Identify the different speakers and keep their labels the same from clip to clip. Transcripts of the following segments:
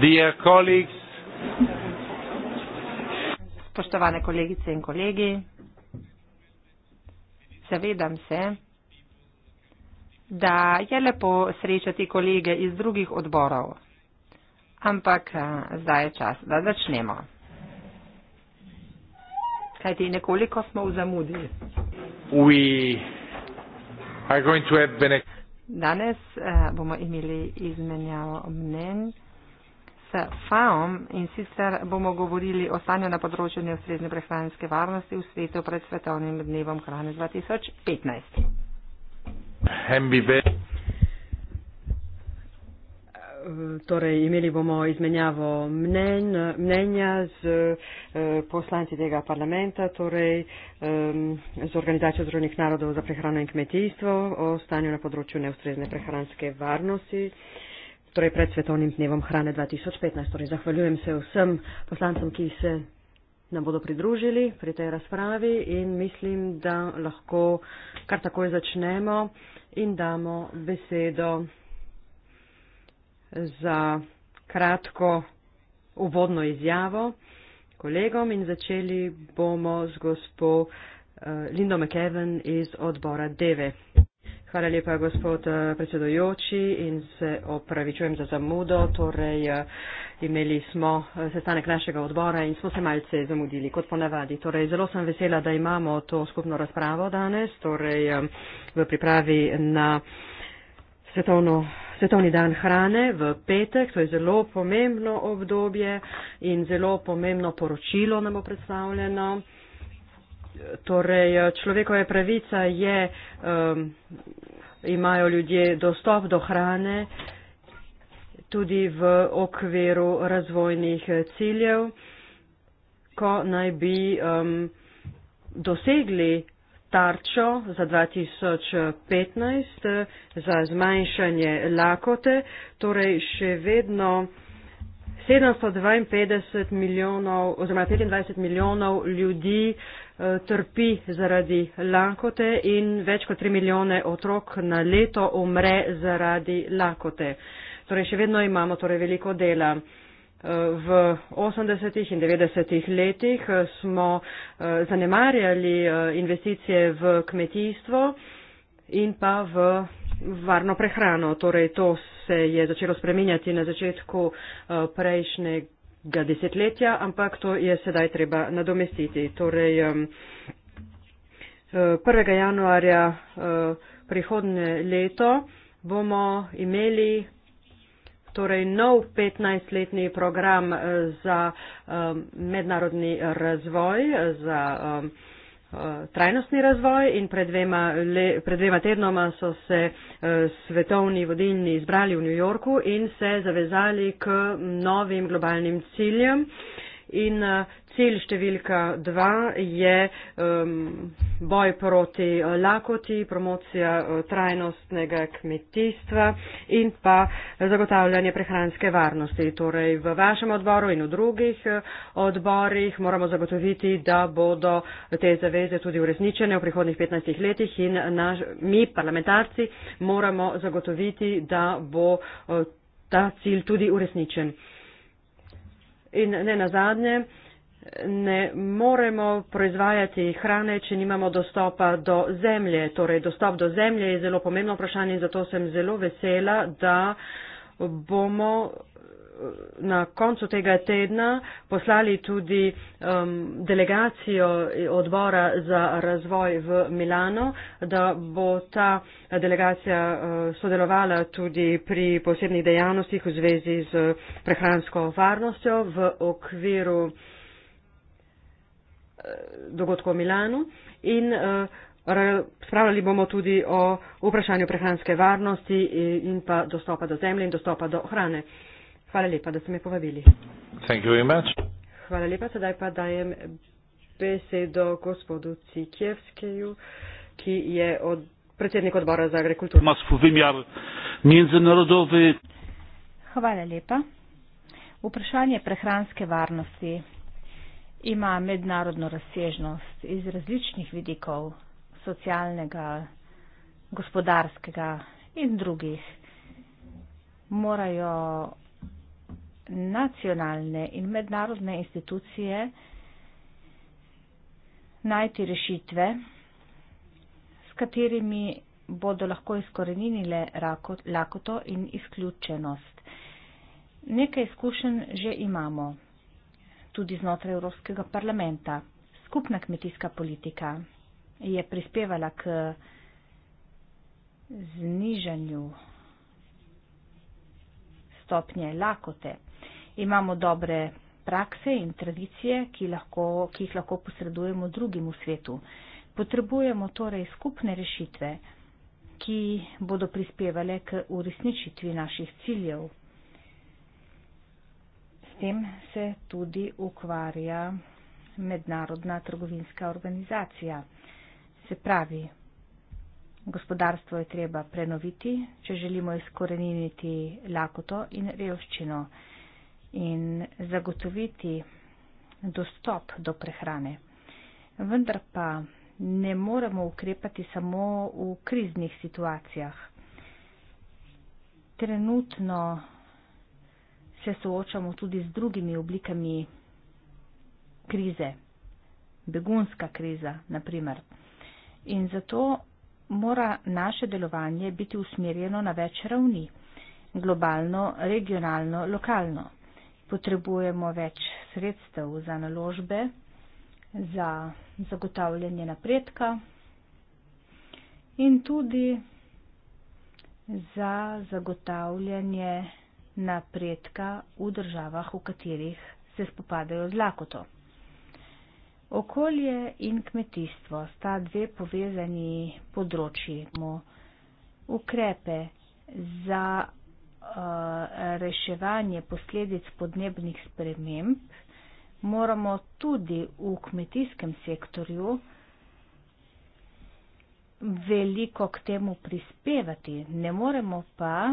Speaker 1: Dear colleagues,
Speaker 2: Spoštovane kolegice in kolegi, zavedam se, da je lepo srečati kolege iz drugih odborov, ampak eh, zdaj je čas, da začnemo. Kajti nekoliko smo v zamudi.
Speaker 1: We are going to have been a
Speaker 2: Danes eh, bomo imeli izmenjavo mnen s FAOM in sicer bomo govorili o stanju na področju neustrezne prehranske varnosti v svetu pred svetovnim dnevom hrane 2015
Speaker 3: torej imeli bomo izmenjavo mnen, mnenja z eh, poslanci tega parlamenta, torej z organizacijo Združenih narodov za prehrano in kmetijstvo o stanju na področju neustrezne prehranske varnosti. Torej pred svetovnim dnevom hrane 2015. Torej zahvaljujem se vsem poslancem, ki se nam bodo pridružili pri tej razpravi in mislim, da lahko kar takoj začnemo in damo besedo za kratko uvodno izjavo kolegom in začeli bomo z gospo eh, Lindo McEwen iz odbora Deve. Hvala lepa, gospod eh, predsedojoči, in se opravičujem za zamudo. Torej, eh, imeli smo sestanek našega odbora in smo se malce zamudili, kot ponavadi. Torej, zelo sem vesela, da imamo to skupno razpravo danes, torej, v pripravi na svetovno Svetovni dan hrane v petek, to je zelo pomembno obdobje in zelo pomembno poročilo nam bo predstavljeno. Torej, človekove pravica je, um, imajo ljudje dostop do hrane tudi v okviru razvojnih ciljev, ko naj bi um, dosegli tarčo za 2015 eh, za zmanjšanje lakote, torej še vedno 752 milijonov oziroma 25 milijonov ljudi eh, trpi zaradi lakote in več kot 3 milijone otrok na leto umre zaradi lakote. Torej še vedno imamo torej veliko dela. V 80. in 90. letih eh, smo eh, zanemarjali eh, investicije v kmetijstvo in pa v varno prehrano. Torej, to se je začelo spreminjati na začetku prejšnjega desetletja, ampak to je sedaj treba nadomestiti. Torej, 1. januarja prihodne leto bomo imeli torej nov 15-letni program eh, za eh, mednarodni razvoj, za eh, trajnostni razvoj in pred dvema, le, pred dvema tednoma so se svetovni vodilni izbrali v New Yorku in se zavezali k novim globalnim ciljem. In Cilj številka dva je um, boj proti uh, lakoti, promocija uh, trajnostnega kmetijstva in pa zagotavljanje prehranske varnosti. Torej v vašem odboru in v drugih uh, odborih moramo zagotoviti, da bodo te zaveze tudi uresničene v prihodnih 15 letih in naš, mi, parlamentarci, moramo zagotoviti, da bo ta cilj tudi uresničen. In ne nazadnje, ne moremo proizvajati hrane, če nimamo dostopa do zemlje. Torej, dostop do zemlje je zelo pomembno vprašanje in zato sem zelo vesela, da bomo eh, na koncu tega tedna poslali tudi um, delegacijo odbora za razvoj v Milano, da bo ta delegacija uh, sodelovala tudi pri posebnih dejavnostih v zvezi z prehransko varnostjo v okviru uh, Eh, dogodkov v Milanu in eh, spravljali bomo tudi o vprašanju prehranske varnosti eh, in pa dostopa do zemlje in dostopa do hrane. Hvala lepa, da ste me povabili. Hvala lepa, sedaj pa dajem besedo gospodu Cikjevskeju, ki je od predsednik odbora za agrikulturo. Hvala lepa. Vprašanje prehranske
Speaker 4: varnosti ima mednarodno razsežnost iz različnih vidikov socialnega, gospodarskega in drugih. Morajo nacionalne in mednarodne institucije najti rešitve, s katerimi bodo lahko izkoreninile lakoto in izključenost. Nekaj izkušenj že imamo tudi znotraj Evropskega parlamenta. Skupna kmetijska politika je prispevala k znižanju stopnje lakote. Imamo dobre prakse in tradicije, ki, lahko, ki jih lahko posredujemo drugim v svetu. Potrebujemo torej skupne rešitve, ki bodo prispevale k uresničitvi naših ciljev tem se tudi ukvarja mednarodna trgovinska organizacija. Se pravi, gospodarstvo je treba prenoviti, če želimo izkoreniniti lakoto in revščino in zagotoviti dostop do prehrane. Vendar pa ne moremo ukrepati samo v kriznih situacijah. Trenutno se soočamo tudi z drugimi oblikami krize, begunska kriza, naprimer. In zato mora naše delovanje biti usmerjeno na več ravni - globalno, regionalno, lokalno. Potrebujemo več sredstev za naložbe, za zagotavljanje napredka in tudi za zagotavljanje napredka v državah, v katerih se spopadajo z lakoto. Okolje in kmetijstvo sta dve povezani področji. Ukrepe za uh, reševanje posledic podnebnih sprememb moramo tudi v kmetijskem sektorju veliko k temu prispevati. Ne moremo pa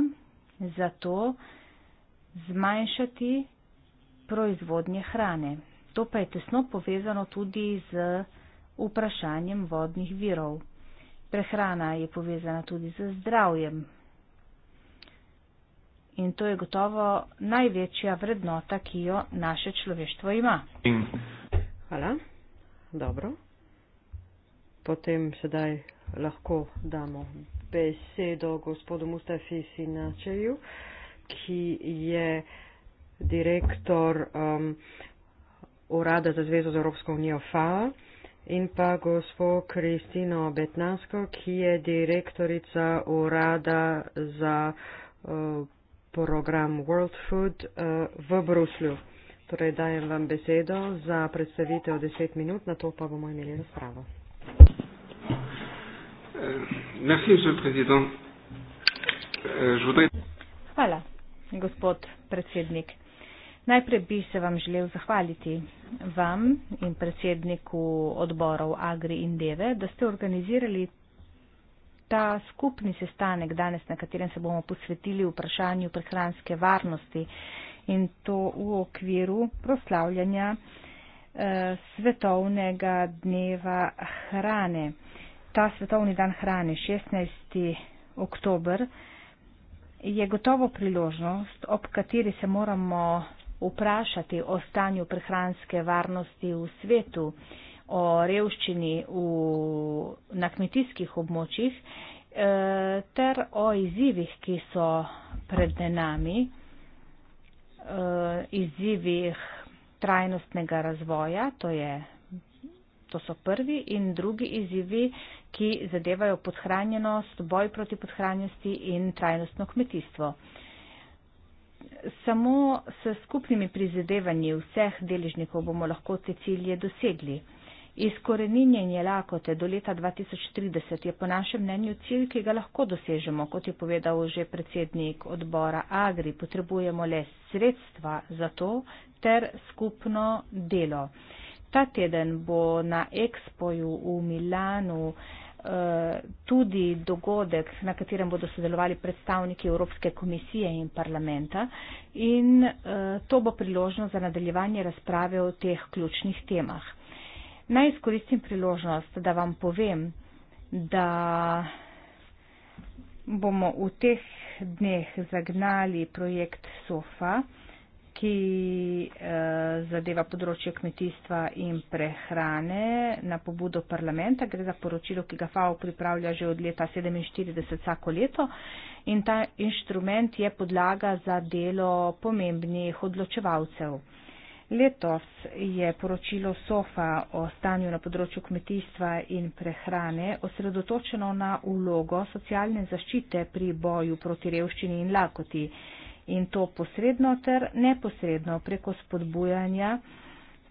Speaker 4: zato, da zmanjšati proizvodnje hrane. To pa je tesno povezano tudi z vprašanjem vodnih virov. Prehrana je povezana tudi z zdravjem. In to je gotovo največja vrednota, ki jo naše človeštvo
Speaker 3: ima. Hvala. Dobro. Potem sedaj lahko damo besedo gospodu Mustafi Sinačeju ki je direktor um, Urada za zvezo z Evropsko unijo FAO in pa gospo Kristino Betnansko, ki je direktorica Urada za uh, program World Food uh, v Bruslju. Torej dajem vam besedo za predstavitev 10 minut, na to pa bomo imeli razpravo.
Speaker 1: Euh, euh,
Speaker 4: Hvala gospod predsednik. Najprej bi se vam želel zahvaliti vam in predsedniku odborov Agri in Deve, da ste organizirali ta skupni sestanek danes, na katerem se bomo posvetili vprašanju prehranske varnosti in to v okviru proslavljanja eh, svetovnega dneva hrane. Ta svetovni dan hrane 16. oktober je gotovo priložnost, ob kateri se moramo vprašati o stanju prehranske varnosti v svetu, o revščini v, na kmetijskih območjih eh, ter o izzivih, ki so pred nami, eh, izzivih trajnostnega razvoja, to, je, to so prvi in drugi izzivi, ki zadevajo podhranjenost, boj proti podhranjenosti in trajnostno kmetijstvo. Samo s skupnimi prizadevanji vseh deležnikov bomo lahko te cilje dosegli. Izkoreninjenje lakote do leta 2030 je po našem mnenju cilj, ki ga lahko dosežemo. Kot je povedal že predsednik odbora Agri, potrebujemo le sredstva za to ter skupno delo ta teden bo na Expoju v Milanu eh, tudi dogodek, na katerem bodo sodelovali predstavniki Evropske komisije in parlamenta in eh, to bo priložnost za nadaljevanje razprave o teh ključnih temah. Naj izkoristim priložnost, da vam povem, da bomo v teh dneh zagnali projekt SOFA, ki eh, zadeva področje kmetijstva in prehrane na pobudo parlamenta. Gre za poročilo, ki ga FAO pripravlja že od leta 1947 vsako leto in ta inštrument je podlaga za delo pomembnih odločevalcev. Letos je poročilo SOFA o stanju na področju kmetijstva in prehrane osredotočeno na ulogo socialne zaščite pri boju proti revščini in lakoti in to posredno ter neposredno preko spodbujanja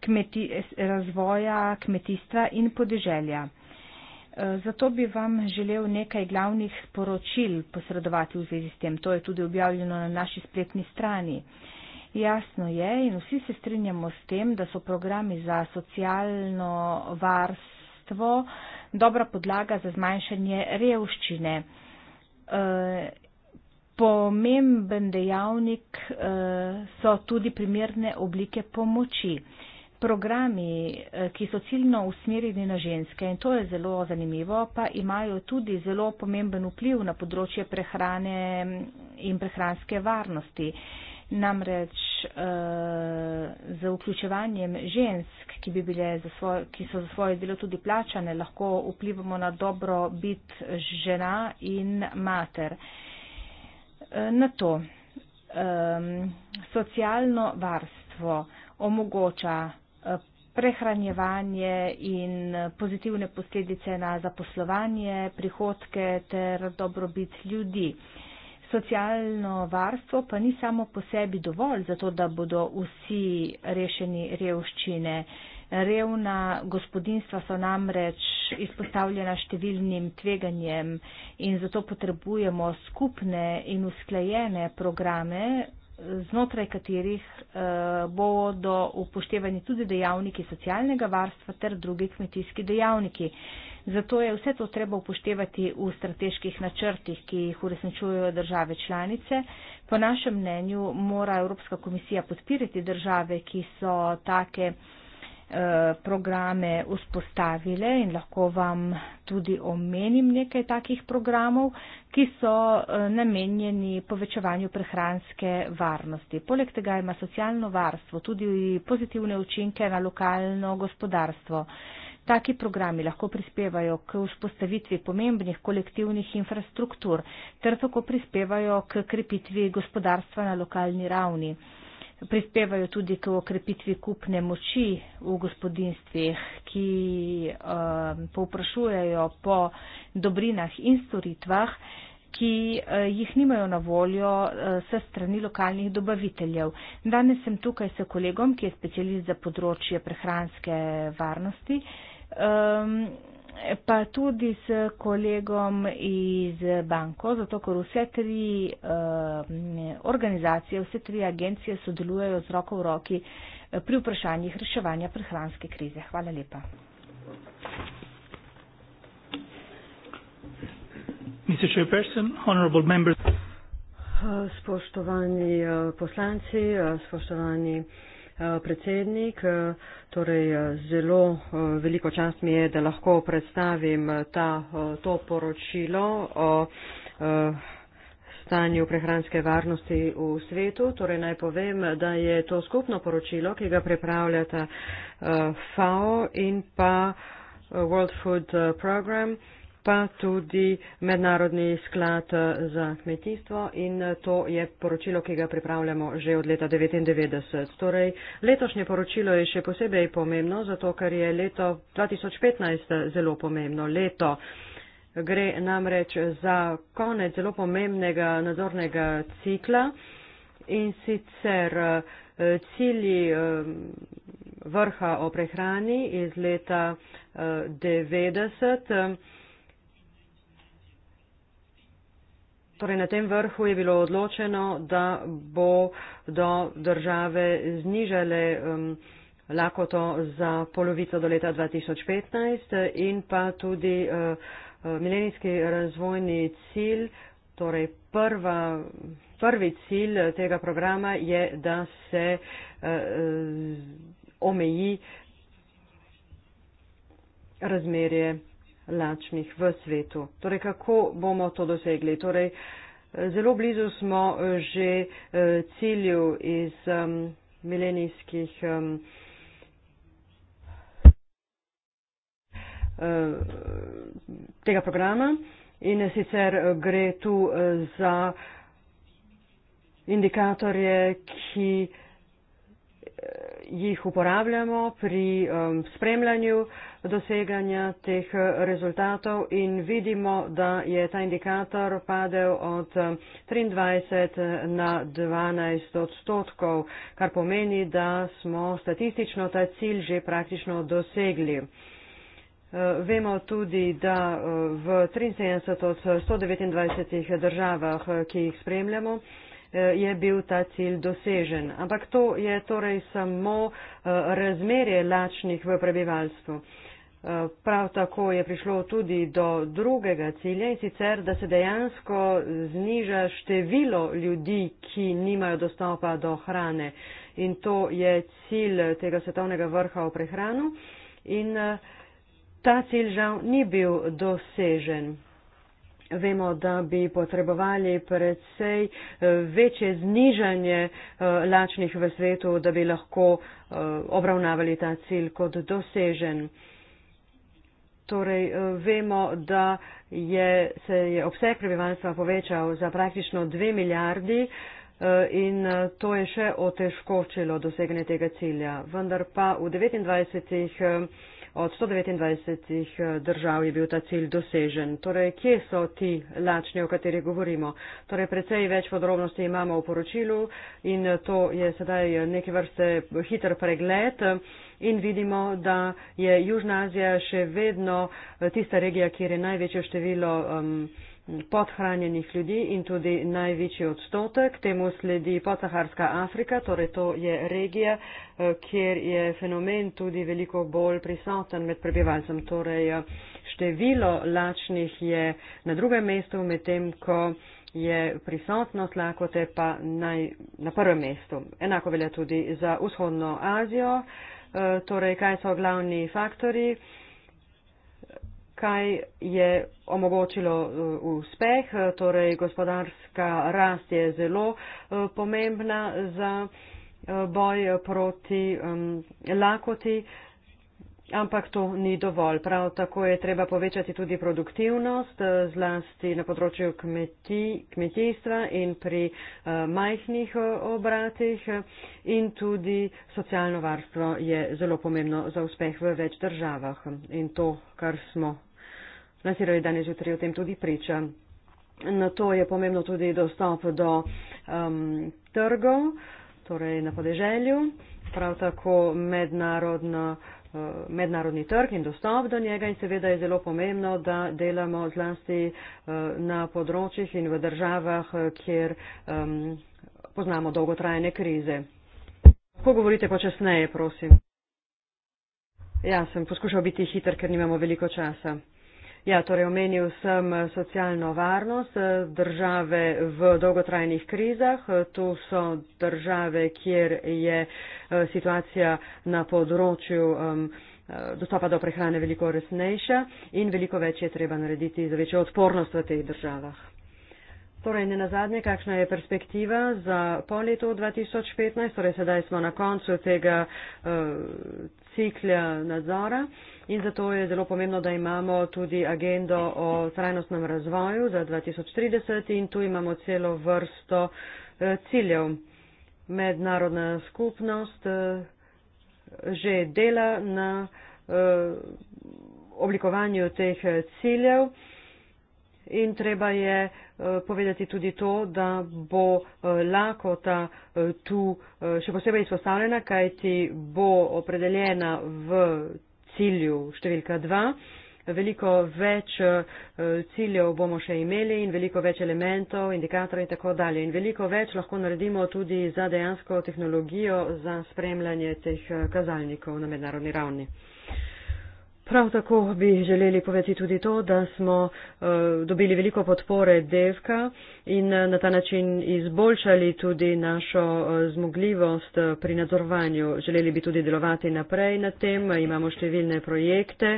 Speaker 4: kmeti, razvoja kmetijstva in podeželja. E, zato bi vam želel nekaj glavnih sporočil posredovati v zvezi s tem. To je tudi objavljeno na naši spletni strani. Jasno je in vsi se strinjamo s tem, da so programi za socialno varstvo dobra podlaga za zmanjšanje revščine. E, Pomemben dejavnik eh, so tudi primerne oblike pomoči. Programi, eh, ki so ciljno usmerjeni na ženske, in to je zelo zanimivo, pa imajo tudi zelo pomemben vpliv na področje prehrane mm, in prehranske varnosti. Namreč eh, z vključevanjem žensk, ki, bi bile za svoj, ki so za svoje delo tudi plačane, lahko vplivamo na dobro bit žena in mater. Eh, Eh, na to um, socialno varstvo omogoča eh, prehranjevanje in eh, pozitivne posledice na zaposlovanje, prihodke ter dobrobit ljudi. Socialno varstvo pa ni samo po sebi dovolj, zato da bodo vsi rešeni revščine. Uh, Revna gospodinstva so namreč izpostavljena številnim tveganjem in zato potrebujemo skupne in usklajene programe, znotraj katerih eh, bodo upoštevani tudi dejavniki socialnega varstva ter drugi kmetijski dejavniki. Zato je vse to treba upoštevati v strateških načrtih, ki jih uresničujejo države članice. Po našem mnenju mora Evropska komisija podpirati države, ki so take Eh, programe vzpostavile in lahko vam tudi omenim nekaj takih programov, ki so eh, namenjeni povečevanju prehranske varnosti. Poleg tega ima socialno varstvo tudi pozitivne učinke na lokalno gospodarstvo. Taki programi lahko prispevajo k vzpostavitvi pomembnih kolektivnih infrastruktur ter tako prispevajo k krepitvi gospodarstva na lokalni ravni prispevajo tudi k okrepitvi kupne moči v gospodinstvih, ki uh, povprašujejo po dobrinah in storitvah, ki uh, jih nimajo na voljo uh, eh, se strani lokalnih dobaviteljev. Danes sem tukaj s kolegom, ki je specialist za področje prehranske varnosti. Um, pa tudi s kolegom iz banko, zato ker vse tri uh, organizacije, vse tri agencije sodelujejo z roko v roki eh, pri vprašanjih reševanja prehranske krize. Hvala lepa.
Speaker 3: Eh, spoštovani poslanci, spoštovani. Eh, predsednik. Eh, torej, eh, zelo veliko čast mi je, da lahko predstavim ta, to poročilo o, o stanju prehranske varnosti v svetu. Torej, naj povem, da je to skupno poročilo, ki ga pripravljata FAO in pa World Food Program pa tudi Mednarodni sklad za kmetijstvo in to je poročilo, ki ga pripravljamo že od leta 1999. Torej, letošnje poročilo je še posebej pomembno, zato ker je leto 2015 zelo pomembno. Leto gre namreč za konec zelo pomembnega nadzornega cikla in sicer cilji vrha o prehrani iz leta 1990. Torej, na tem vrhu je bilo odločeno, da bo do države znižale um, lakoto za polovico do leta 2015 in pa tudi uh, uh, milenijski razvojni cilj, torej prva, prvi cilj tega programa je, da se uh, omeji razmerje lačnih v svetu. Torej, kako bomo to dosegli? Torej, zelo blizu smo že eh, cilju iz um, milenijskih. Um, tega programa in sicer eh, gre tu za indikatorje, ki jih uporabljamo pri um, spremljanju doseganja teh eh, rezultatov in vidimo, da je ta indikator padel od 23 eh, eh, na 12 odstotkov, kar pomeni, da smo statistično ta cilj že praktično dosegli. Vemo tudi, da v 73 od 129 državah, ki jih spremljamo, je bil ta cilj dosežen. Ampak to je torej samo eh, razmerje lačnih v prebivalstvu. Eh, prav tako je prišlo tudi do drugega cilja in sicer, da se dejansko zniža število ljudi, ki nimajo dostopa do hrane. In to je cilj tega svetovnega vrha o prehranu. In eh, ta cilj žal ni bil dosežen. Vemo, da bi potrebovali predvsej eh, večje znižanje eh, lačnih v svetu, da bi lahko eh, obravnavali ta cilj kot dosežen. Torej, vemo, da je, se je obseg prebivalstva povečal za praktično dve milijardi in to je še otežkočilo doseganje tega cilja. Vendar pa v 29 od 129 eh, držav je bil ta cilj dosežen. Torej, kje so ti lačni, o katerih govorimo? Torej, precej več podrobnosti imamo v poročilu in eh, to je sedaj eh, neke vrste hiter pregled. In vidimo, da je Južna Azija še vedno tista regija, kjer je največje število. Um, podhranjenih ljudi in tudi največji odstotek. Temu sledi podsaharska Afrika, torej to je regija, eh, kjer je fenomen tudi veliko bolj prisoten med prebivalcem. Torej eh, število lačnih je na drugem mestu, medtem ko je prisotnost lakote pa naj, na prvem mestu. Enako velja tudi za vzhodno Azijo. Eh, torej, kaj so glavni faktori? kaj je omogočilo uh, uspeh, torej gospodarska rast je zelo uh, pomembna za uh, boj proti um, lakoti, ampak to ni dovolj. Prav tako je treba povečati tudi produktivnost, zlasti na področju kmeti, kmetijstva in pri majhnih obratih in tudi socialno varstvo je zelo pomembno za uspeh v več državah in to, kar smo Na katero je danes jutri o tem tudi priča. Na to je pomembno tudi dostop do um, trgov, torej na podeželju, prav tako mednarodno, uh, mednarodni trg in dostop do njega in seveda je zelo pomembno, da delamo zlasti uh, na področjih in v državah, kjer um, poznamo dolgotrajne krize. Lahko govorite počasneje, prosim. Ja, sem poskušal biti hiter, ker nimamo veliko časa. Ja, torej omenil sem eh, socialno varnost eh, države v dolgotrajnih krizah. Eh, tu so države, kjer je situacija na področju dostopa do prehrane veliko resnejša in veliko več je treba narediti za večjo odpornost v teh državah. Torej, ne nazadnje, kakšna je perspektiva za po letu 2015, torej sedaj smo na koncu tega uh, cikla nadzora in zato je zelo pomembno, da imamo tudi agendo o trajnostnem razvoju za 2030 in tu imamo celo vrsto uh, ciljev. Mednarodna skupnost uh, že dela na uh, oblikovanju teh uh, ciljev. In treba je eh, povedati tudi to, da bo eh, lakota eh, tu še posebej izpostavljena, kajti bo opredeljena v cilju številka 2. Veliko več ciljev bomo še imeli in veliko več elementov, indikatorjev in tako dalje. In veliko več lahko naredimo tudi za dejansko tehnologijo za spremljanje teh kazalnikov na mednarodni ravni. Prav tako bi želeli povedati tudi to, da smo uh, dobili veliko podpore DEVKA in uh, na ta način izboljšali tudi našo uh, zmogljivost uh, pri nadzorovanju. Želeli bi tudi delovati naprej na tem, uh, imamo številne projekte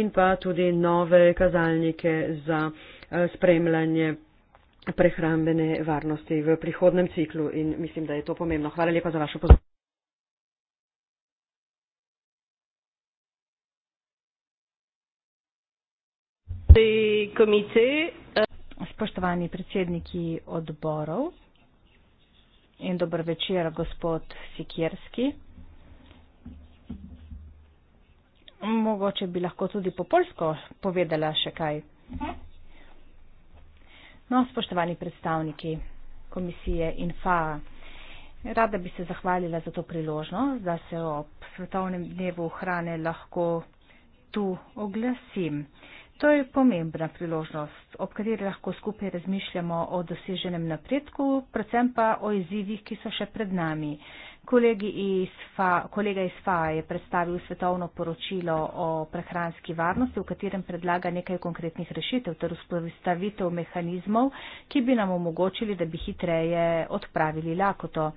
Speaker 3: in pa tudi nove kazalnike za uh, spremljanje prehrambene varnosti v prihodnem ciklu in mislim, da je to pomembno. Hvala lepa za vašo pozornost.
Speaker 4: komitej. Eh, spoštovani predsedniki odborov in dober večer, gospod Sikirski. Mogoče bi lahko tudi po polsko povedala še kaj. No, spoštovani predstavniki komisije INFA, rada bi se zahvalila za to priložnost, da se ob svetovnem dnevu hrane lahko tu oglasim. Uh, To je pomembna priložnost, ob kateri lahko skupaj razmišljamo o doseženem napredku, predvsem pa o izzivih, ki so še pred nami. Iz FA, kolega iz FA je predstavil svetovno poročilo o prehranski varnosti, v katerem predlaga nekaj konkretnih rešitev ter vzpostavitev mehanizmov, ki bi nam omogočili, da bi hitreje odpravili lakoto.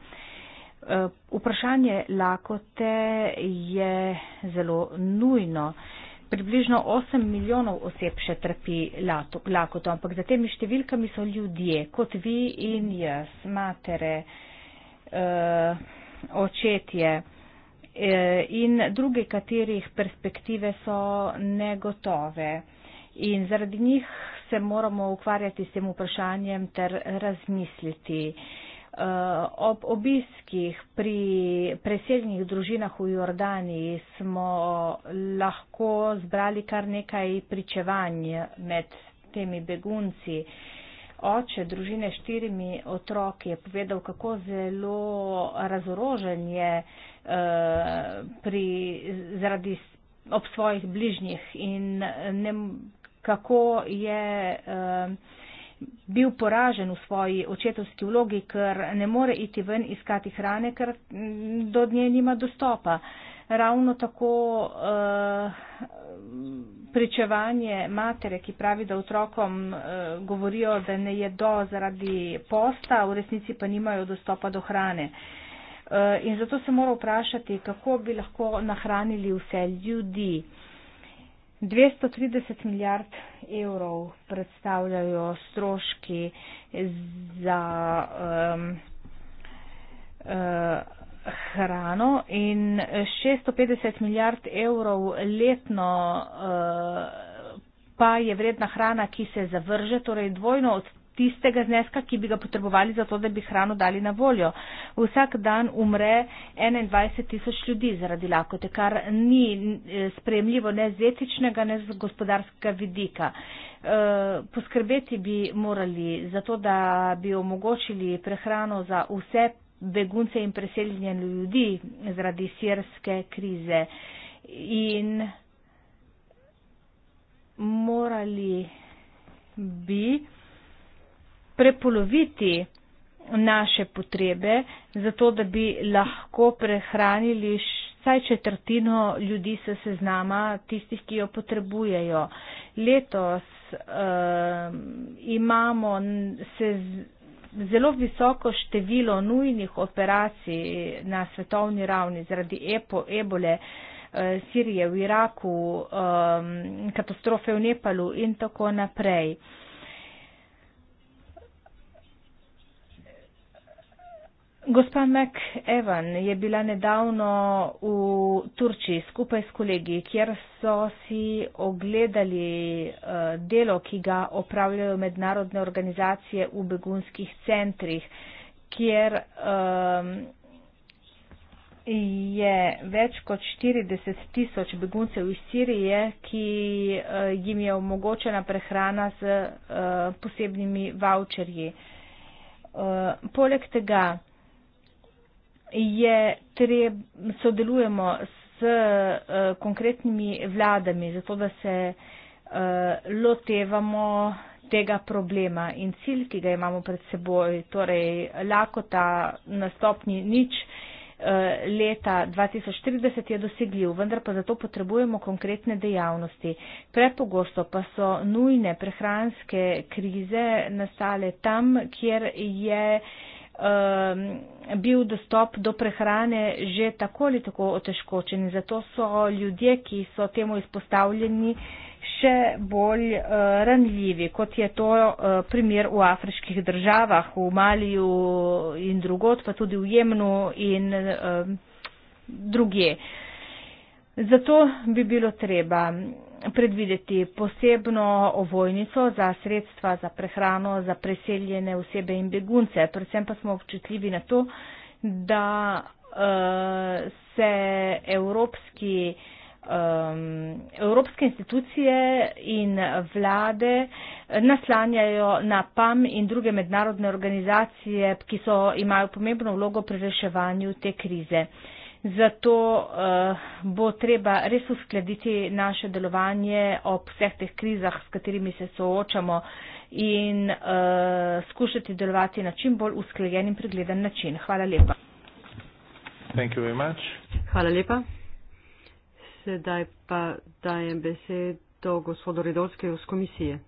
Speaker 4: Eh, vprašanje lakote je zelo nujno približno 8 milijonov oseb še trpi lakoto, ampak za temi številkami so ljudje, kot vi in jaz, matere, uh, očetje uh, in druge, katerih perspektive so negotove. In zaradi njih se moramo ukvarjati s tem vprašanjem ter razmisliti. Uh, Eh, ob obiskih pri preseljenih družinah v Jordaniji smo lahko zbrali kar nekaj pričevanj med temi begunci. Oče družine s štirimi otroki je povedal, kako zelo razorožen je eh, pri, zaradi ob svojih bližnjih in eh, ne, kako je. Uh, bil poražen v svoji očetovski vlogi, ker ne more iti ven iskati hrane, ker mm, do nje nima dostopa. Ravno tako uh, pričevanje matere, ki pravi, da otrokom uh, govorijo, da ne jedo zaradi posta, v resnici pa nimajo dostopa do hrane. Uh, in zato se mora vprašati, kako bi lahko nahranili vse ljudi. Uh, 230 milijard evrov predstavljajo stroški za um, uh, hrano in 650 milijard evrov letno uh, pa je vredna hrana, ki se zavrže, torej dvojno od tistega zneska, ki bi ga potrebovali za to, da bi hrano dali na voljo. Vsak dan umre 21 tisoč ljudi zaradi lakote, kar ni eh, sprejemljivo ne z etičnega, ne z gospodarskega vidika. E, poskrbeti bi morali za to, da bi omogočili prehrano za vse begunce in preseljenje ljudi zaradi sirske krize. In morali bi prepoloviti naše potrebe, zato da bi lahko prehranili vsaj četrtino ljudi se seznama, tistih, ki jo potrebujejo. Letos uh, imamo se zelo visoko število nujnih operacij na svetovni ravni zaradi epo, ebole, eh, Sirije, v Iraku, um, katastrofe v Nepalu in tako naprej. Uh, Gospa Mek Evan je bila nedavno v Turčiji skupaj s kolegi, kjer so si ogledali eh, delo, ki ga opravljajo mednarodne organizacije v begunskih centrih, kjer um, je več kot 40 tisoč beguncev iz Sirije, ki eh, jim je omogočena prehrana z uh, posebnimi voucherji. Uh, poleg tega, je treb, sodelujemo s uh, konkretnimi vladami, zato da se uh, lotevamo tega problema in cilj, ki ga imamo pred seboj, torej lakota na stopni nič eh, leta 2030 je dosegljiv, vendar pa zato potrebujemo konkretne dejavnosti. Prepogosto pa so nujne prehranske krize nastale tam, kjer je uh, um, bil dostop do prehrane že tako ali tako otežkočen. Zato so ljudje, ki so temu izpostavljeni, še bolj uh, ranljivi, kot je to uh, primer v afriških državah, v Maliju in drugot, pa tudi v Jemnu in uh, um, druge. Zato bi bilo treba predvideti posebno ovojnico za sredstva za prehrano za preseljene osebe in begunce. Predvsem pa smo občutljivi na to, da eh, se evropski, evropske institucije in vlade naslanjajo na PAM in druge mednarodne organizacije, ki so, imajo pomembno vlogo pri reševanju te krize. Zato uh, bo treba res uskladiti naše delovanje ob vseh teh krizah, s katerimi se soočamo in uh, skušati delovati na čim bolj usklajen
Speaker 3: in pregleden način. Hvala lepa. Hvala lepa. Sedaj pa dajem besedo gospodu Redovskemu z komisije.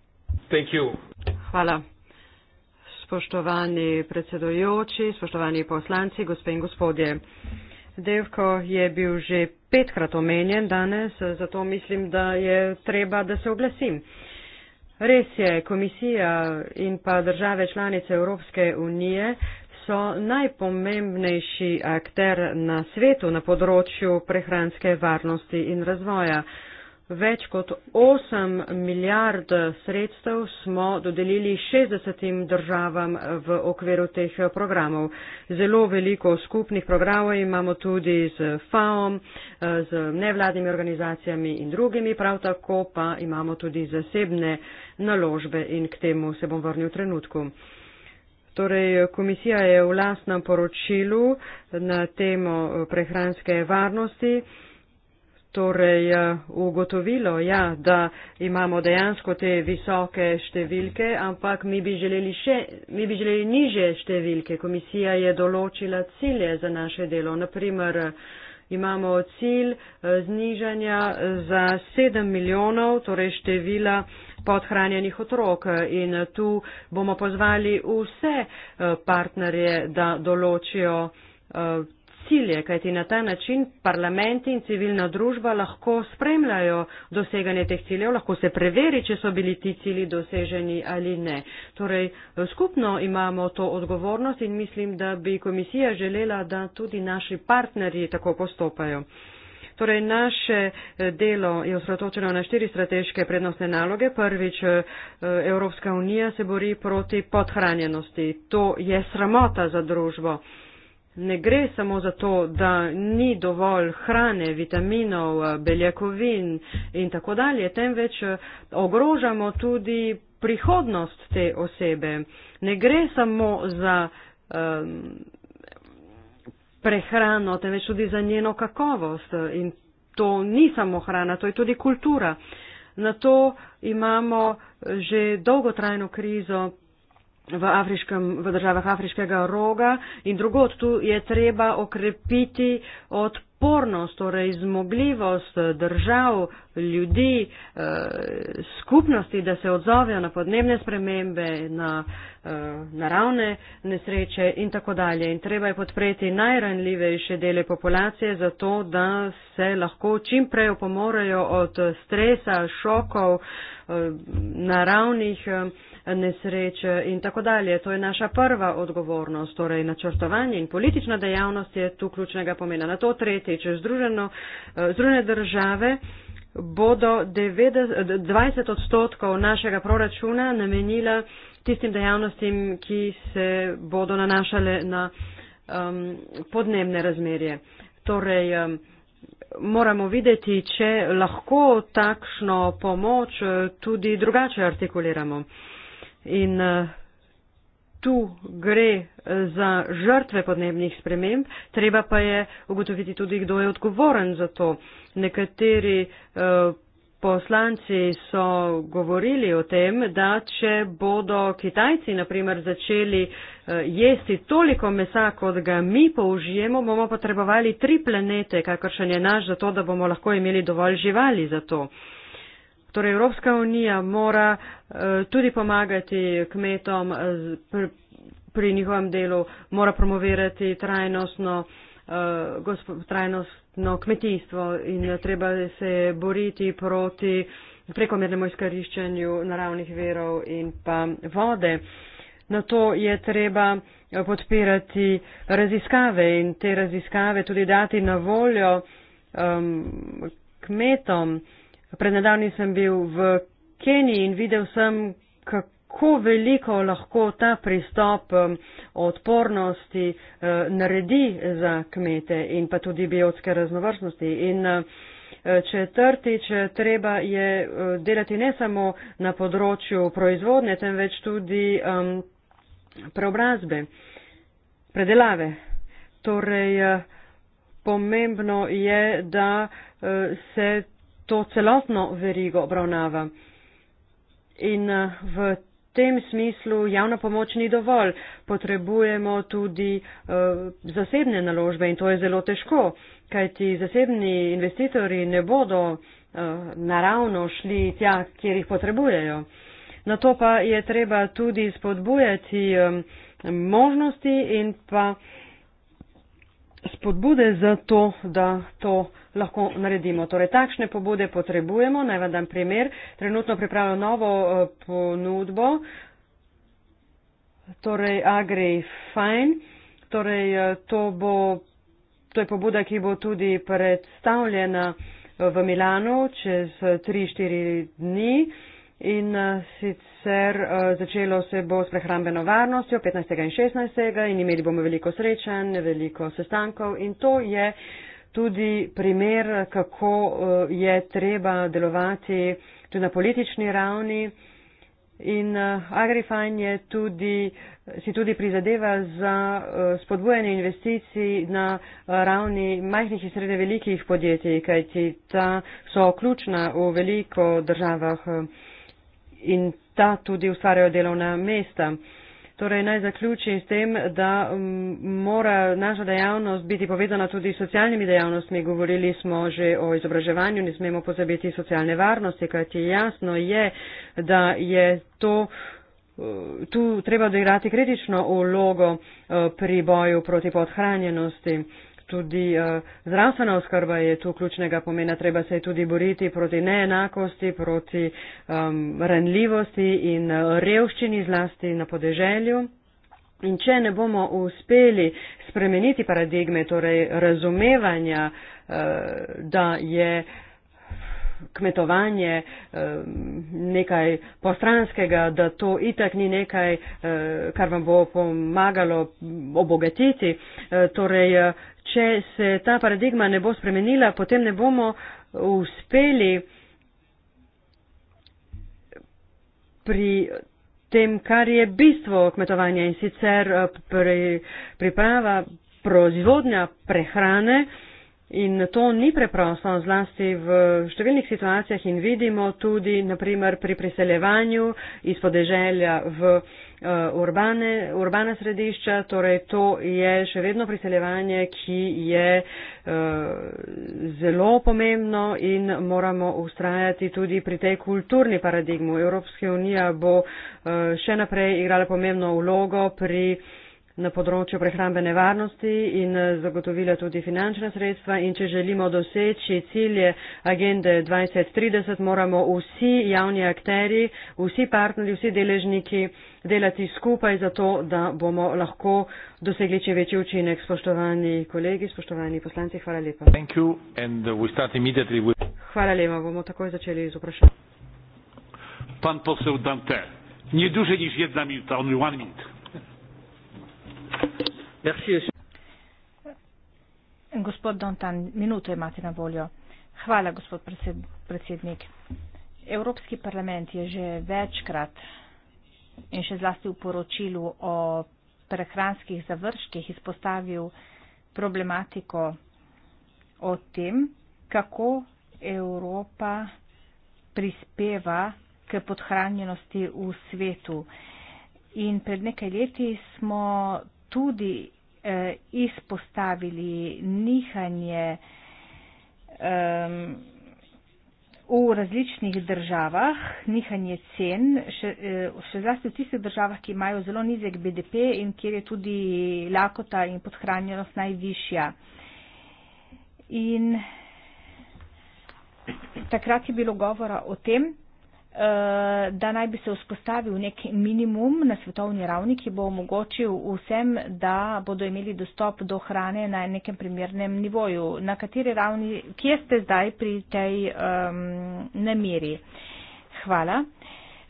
Speaker 3: Hvala. Spoštovani predsedojoči, spoštovani poslanci, gospe in gospodje. Devko je bil že petkrat omenjen danes, zato mislim, da je treba, da se oglasim. Res je, komisija in pa države članice Evropske unije so najpomembnejši akter na svetu na področju prehranske varnosti in razvoja. Več kot 8 milijard sredstev smo dodelili 60 državam v okviru teh programov. Zelo veliko skupnih programov imamo tudi z FAO, z nevladnimi organizacijami in drugimi, prav tako pa imamo tudi zasebne naložbe in k temu se bom vrnil v trenutku. Torej, komisija je v lastnem poročilu na temo prehranske varnosti torej eh, ugotovilo, ja, da imamo dejansko te visoke številke, ampak mi bi želeli, še, mi bi želeli niže številke. Komisija je določila cilje za naše delo. Naprimer, imamo cilj eh, znižanja za 7 milijonov, torej števila podhranjenih otrok in eh, tu bomo pozvali vse partnerje, da določijo cilje, kajti na ta način parlamenti in civilna družba lahko spremljajo doseganje teh ciljev, lahko se preveri, če so bili ti cilji doseženi ali ne. Torej, skupno imamo to odgovornost in mislim, da bi komisija želela, da tudi naši partnerji tako postopajo. Torej, naše eh, delo je osredotočeno na štiri strateške prednostne naloge. Prvič, eh, Evropska unija se bori proti podhranjenosti. To je sramota za družbo ne gre samo za to, da ni dovolj hrane, vitaminov, eh, beljakovin in tako dalje, temveč eh, ogrožamo tudi prihodnost te osebe. Ne gre samo za um, prehrano, temveč tudi za njeno kakovost. Eh, in to ni samo hrana, to je tudi kultura. Na to imamo že dolgotrajno krizo v, afriškem, v državah afriškega roga in drugot tu je treba okrepiti odpornost, torej zmogljivost držav, ljudi, eh, skupnosti, da se odzovejo na podnebne spremembe, na eh, naravne nesreče in tako dalje. In treba je podpreti najranljivejše dele populacije, zato da se lahko čim prej opomorejo od stresa, šokov, eh, naravnih nesreče in tako dalje. To je naša prva odgovornost, torej načrtovanje in politična dejavnost je tu ključnega pomena. Na to tretjič, eh, združene države bodo 90, 20 odstotkov našega proračuna namenila tistim dejavnostim, ki se bodo nanašale na um, podnebne razmerje. Torej, um, moramo videti, če lahko takšno pomoč eh, tudi drugače artikuliramo. In eh, tu gre eh, za žrtve podnebnih sprememb, treba pa je ugotoviti tudi, kdo je odgovoren za to. Nekateri eh, poslanci so govorili o tem, da če bodo Kitajci, na primer, začeli jesti toliko mesa, kot ga mi použijemo, bomo potrebovali tri planete, kakršen je naš, zato da bomo lahko imeli dovolj živali za to. Torej, Evropska unija mora eh, tudi pomagati kmetom eh, pri njihovem delu, mora promovirati trajnostno, eh, trajnostno kmetijstvo in treba se boriti proti prekomernemu izkoriščanju naravnih verov in pa vode. Na to je treba podpirati raziskave in te raziskave tudi dati na voljo um, kmetom. Uh, Prednedavni sem bil v Keniji in videl sem, kako veliko lahko ta pristop um, odpornosti uh, naredi za kmete in pa tudi biotske raznovrstnosti. In uh, četrtič, treba je uh, delati ne samo na področju proizvodne, temveč tudi um, preobrazbe, predelave. Torej, pomembno je, da se to celotno verigo obravnava. In eh, v tem smislu javna pomoč ni dovolj. Potrebujemo tudi uh, zasebne naložbe in to je zelo težko, kajti zasebni investitorji ne bodo uh, naravno šli tja, kjer jih potrebujejo. Na to pa je treba tudi spodbujati um, možnosti in pa. Uh, spodbude za to, da to lahko naredimo. Torej, takšne pobude potrebujemo. Naj vam dam primer. Trenutno pripravljam novo eh, ponudbo, torej AgriFine. Torej, eh, to, bo, to je pobuda, ki bo tudi predstavljena eh, v Milanu čez 3-4 dni. In sicer sicer eh, začelo se bo s prehrambeno varnostjo 15. in 16. in imeli bomo veliko srečanj, veliko sestankov in to je tudi primer, kako eh, je treba delovati tudi na politični ravni. In eh, AgriFine je tudi, si tudi prizadeva za spodbujanje investicij na ravni majhnih in srednje velikih podjetij, kajti ta so ključna v veliko državah in ta tudi ustvarjajo delovna mesta. Torej, naj zaključim s tem, da mora naša dejavnost biti povezana tudi s socialnimi dejavnostmi. Govorili smo že o izobraževanju, ne smemo pozabiti socialne varnosti, kajti jasno je, da je to. E, tu treba odigrati kritično ulogo e, pri boju proti podhranjenosti tudi uh, zdravstvena oskrba je tu ključnega pomena. Treba se je tudi boriti proti neenakosti, proti um, ranljivosti in eh, revščini zlasti na podeželju. In če ne bomo uspeli spremeniti paradigme, torej razumevanja, uh, da je kmetovanje nekaj postranskega, da to itak ni nekaj, kar vam bo pomagalo obogatiti. Torej, če se ta paradigma ne bo spremenila, potem ne bomo uspeli pri tem, kar je bistvo kmetovanja in sicer eh, pri, priprava proizvodnja prehrane. In to ni preprosto, zlasti v številnih situacijah in vidimo tudi, naprimer, pri priseljevanju iz podeželja v uh, Eh, urbane, urbana središča, torej to je še vedno priseljevanje, ki je eh, zelo pomembno in moramo ustrajati tudi pri tej kulturni paradigmi. Evropska unija bo eh, še naprej igrala pomembno vlogo pri na področju prehrambene varnosti in eh, zagotovila tudi finančna sredstva. In če želimo doseči cilje agende 2030, moramo vsi javni akteri, vsi partnerji, vsi deležniki delati skupaj za to, da bomo lahko dosegli če večji učinek. Spoštovani kolegi, spoštovani poslanci, hvala lepa. Uh,
Speaker 1: with...
Speaker 3: Hvala lepa, bomo takoj začeli z vprašanjem.
Speaker 1: Pan posel Dante, ni duže niž jedna minuta, only one minute. Merci.
Speaker 4: Gospod Dontan, minuto imate na voljo. Hvala, gospod predsednik. Evropski parlament je že večkrat in še zlasti v poročilu o prehranskih završkih izpostavil problematiko o tem, kako Evropa prispeva k podhranjenosti v svetu. In pred nekaj leti smo tudi Eh, izpostavili nihanje v različnih državah, nihanje cen, še, eh, še zlasti v tistih državah, ki imajo zelo nizek BDP in kjer je tudi lakota in podhranjenost najvišja. In takrat je bilo govora o tem, Eh, da naj bi se vzpostavil nek minimum na svetovni ravni, ki bo omogočil vsem, da bodo imeli dostop do hrane na nekem primernem nivoju. Na kateri ravni, kje ste zdaj pri tej um, nemiri? Hvala.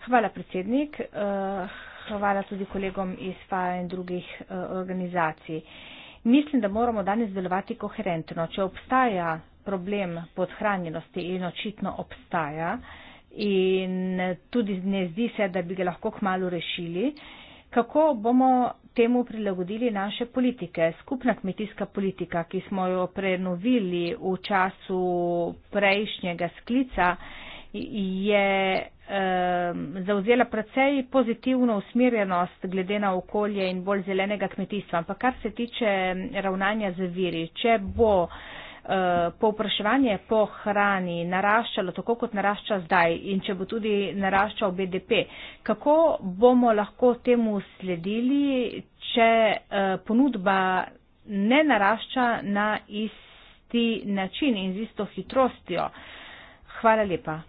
Speaker 4: Hvala, predsednik. Eh, hvala tudi kolegom iz FA in drugih eh, organizacij. Mislim, da moramo danes delovati koherentno. Če obstaja problem podhranjenosti in očitno obstaja, in tudi ne zdi se, da bi ga lahko kmalo rešili. Kako bomo temu prilagodili naše politike? Skupna kmetijska politika, ki smo jo prenovili v času prejšnjega sklica, je ehm, zauzela precej pozitivno usmerjenost glede na okolje in bolj zelenega kmetijstva. Ampak kar se tiče ravnanja z viri, če bo Eh, povpraševanje po hrani naraščalo tako, kot narašča zdaj in če bo tudi naraščal BDP, kako bomo lahko temu sledili, če eh, ponudba ne narašča na isti način in z isto
Speaker 2: hitrostjo? Hvala lepa.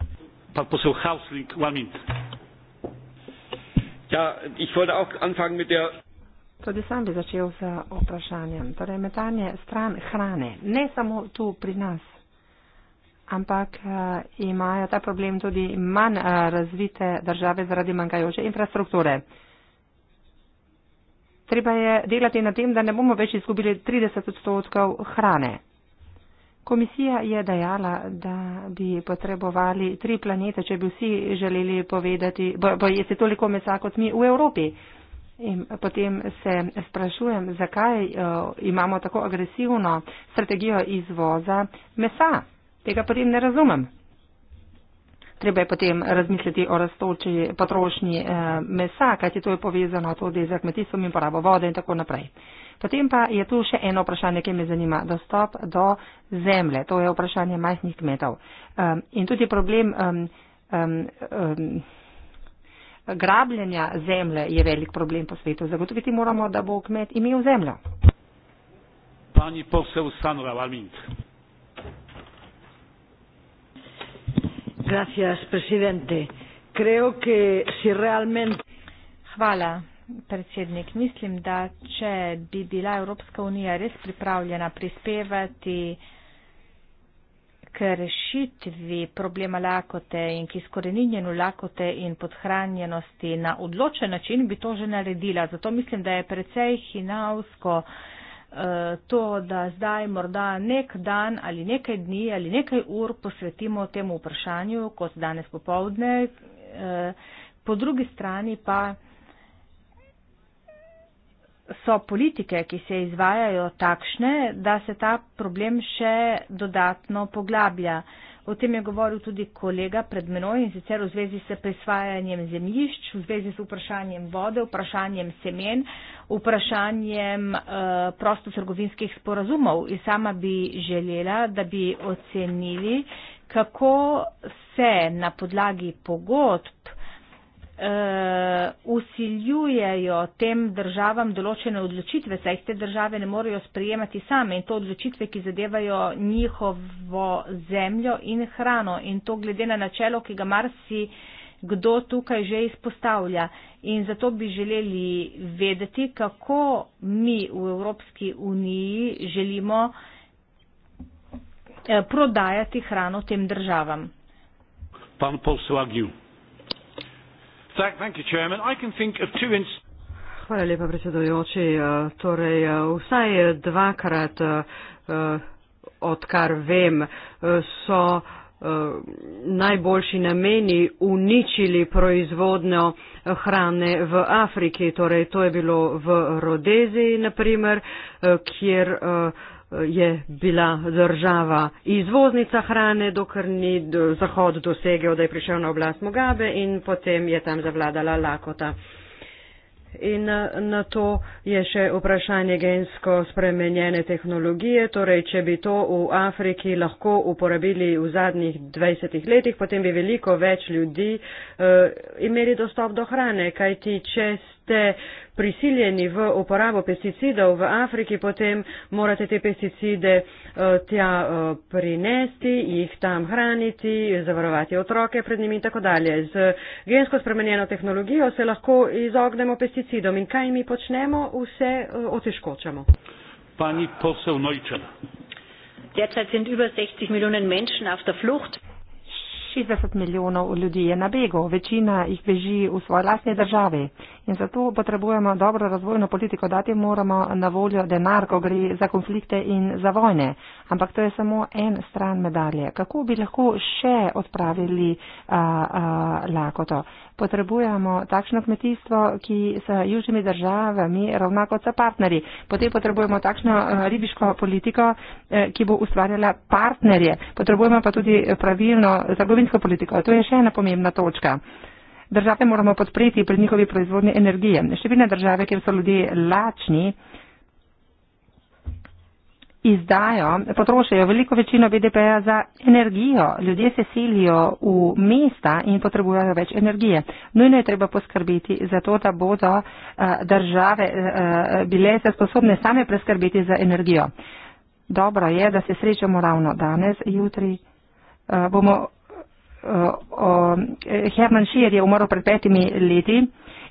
Speaker 1: Ja, ich wollte auch anfangen mit der
Speaker 2: Tudi sam bi začel z vprašanjem. Torej, metanje stran hrane, ne samo tu pri nas, ampak uh, imajo ta problem tudi manj uh, razvite države zaradi manjkajoče infrastrukture. Treba je delati na tem, da ne bomo več izgubili 30 odstotkov hrane. Komisija je dejala, da bi potrebovali tri planete, če bi vsi želeli povedati, bo, bo jesti toliko mesa kot mi v Evropi. In potem se sprašujem, zakaj uh, imamo tako agresivno strategijo izvoza mesa. Tega potem ne razumem. Treba je potem razmisliti o rastoči potrošnji eh, mesa, kajti to je povezano tudi z kmetijstvom in porabo vode in tako naprej. Potem pa je tu še eno vprašanje, ki me zanima. Dostop do zemlje. To je vprašanje majhnih kmetov. Um, in tudi problem. Um, um, um, grabljenja zemlje je velik problem po svetu. Zagotoviti moramo, da bo kmet imel zemljo.
Speaker 1: Pani posel Sandra Valmint.
Speaker 3: Gracias, presidente. Creo que si
Speaker 4: realmente... Hvala, predsednik. Mislim, da če bi bila Evropska unija res pripravljena prispevati k rešitvi problema lakote in k izkoreninjenju lakote in podhranjenosti na odločen način, bi to že naredila. Zato mislim, da je precej hinavsko eh, to, da zdaj morda nek dan ali nekaj dni ali nekaj ur posvetimo temu vprašanju, kot danes popovdne, eh, po drugi strani pa so politike, ki se izvajajo takšne, da se ta problem še dodatno poglablja. O tem je govoril tudi kolega pred menoj in sicer v zvezi s prisvajanjem zemljišč, v zvezi s vprašanjem vode, vprašanjem semen, vprašanjem eh, prostotrgovinskih sporazumov. In sama bi želela, da bi ocenili, kako se na podlagi pogodb uh, usiljujejo tem državam določene odločitve, saj jih te države ne morejo sprijemati same in to odločitve, ki zadevajo njihovo zemljo in hrano in to glede na načelo, ki ga marsi kdo tukaj že izpostavlja. In zato bi želeli vedeti, kako mi v Evropski uniji želimo eh, prodajati
Speaker 3: hrano tem državam.
Speaker 1: Pan Polsvagiu.
Speaker 3: Hvala lepa, predsedojoči. Eh, torej, eh, vsaj dvakrat, eh, odkar vem, so najboljši nameni uničili proizvodnjo hrane v Afriki. Torej, to je bilo v Rodeziji, naprimer, kjer je bila država izvoznica hrane, dokler ni Zahod dosegel, da je prišel na oblast Mugabe in potem je tam zavladala lakota. In na to je še vprašanje gensko spremenjene tehnologije, torej če bi to v Afriki lahko uporabili v zadnjih 20 letih, potem bi veliko več ljudi uh, imeli dostop do hrane, kajti čez ste prisiljeni v uporabo pesticidov v Afriki, potem morate te pesticide eh, tja eh, prinesti, jih tam hraniti, zavarovati otroke pred njimi in tako dalje. Z gensko spremenjeno tehnologijo se lahko izognemo pesticidom in kaj mi počnemo, vse eh, otežkočamo.
Speaker 1: Pani posel Nojčana.
Speaker 3: Derzeit sind
Speaker 2: über 60 Millionen Menschen auf der Flucht. 60 milijonov ljudi je na begu, večina jih beži v svoje lasne države. In zato potrebujemo dobro razvojno politiko, dati moramo na voljo denar, ko gre za konflikte in za vojne. Ampak to je samo en stran medalje. Kako bi lahko še odpravili a, a, lakoto? Potrebujemo takšno kmetijstvo, ki s južnimi državami ravna kot sa partnerji. Potem potrebujemo takšno ribiško politiko, ki bo ustvarjala partnerje. Potrebujemo pa tudi pravilno zagovinsko politiko. To je še ena pomembna točka. Države moramo podpreti pri njihovi proizvodni energije. Še vedno države, kjer so ljudje lačni, izdajo, potrošajo veliko večino BDP-ja za energijo. Ljudje se silijo v mesta in potrebujejo več energije. Nujno je treba poskrbeti za to, da bodo eh, države eh, eh, bile se sposobne same preskrbeti za energijo. Dobro je, da se srečamo ravno danes, jutri. Bomo Eh, eh, Herman Schier je umrl pred petimi leti